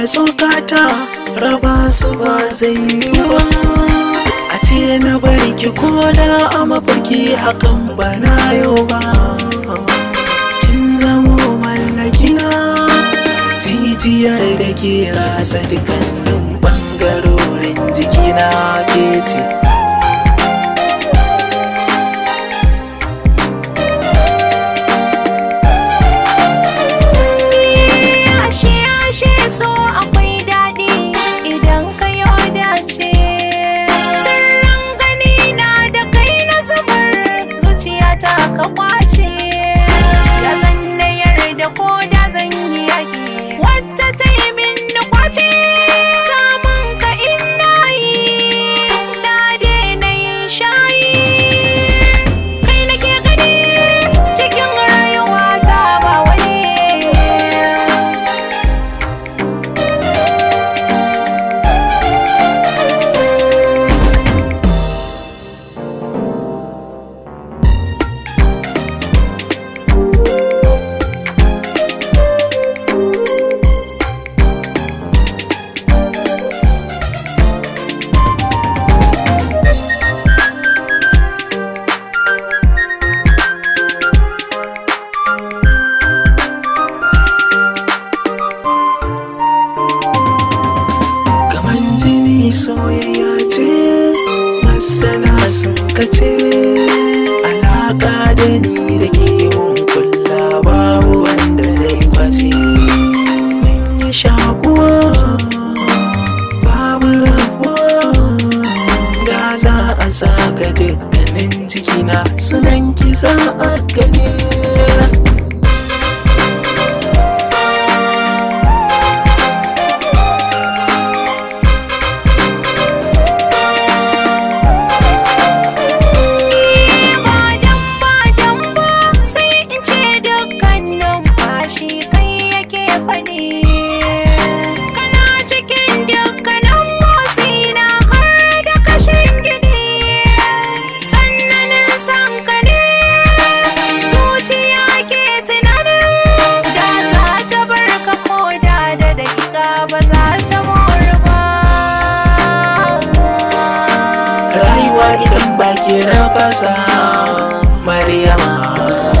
da tsokata raba su ba zai yi ba a ce na barki ko da a mafarki hakan ba na yau ba kin zamo mallakina titiyar da ke rasa dukkanin bangarorin jikina ke ce ka kwace ya san da yarda ko da soyayya ce masana sun kace alaƙa da ni da ke kula babu wanda zai kwace mun shakuwa babu rabuwa ga za a saka dukkanin jikina sunan ki za a gane rayuwa idan baki na fasa Mariyama.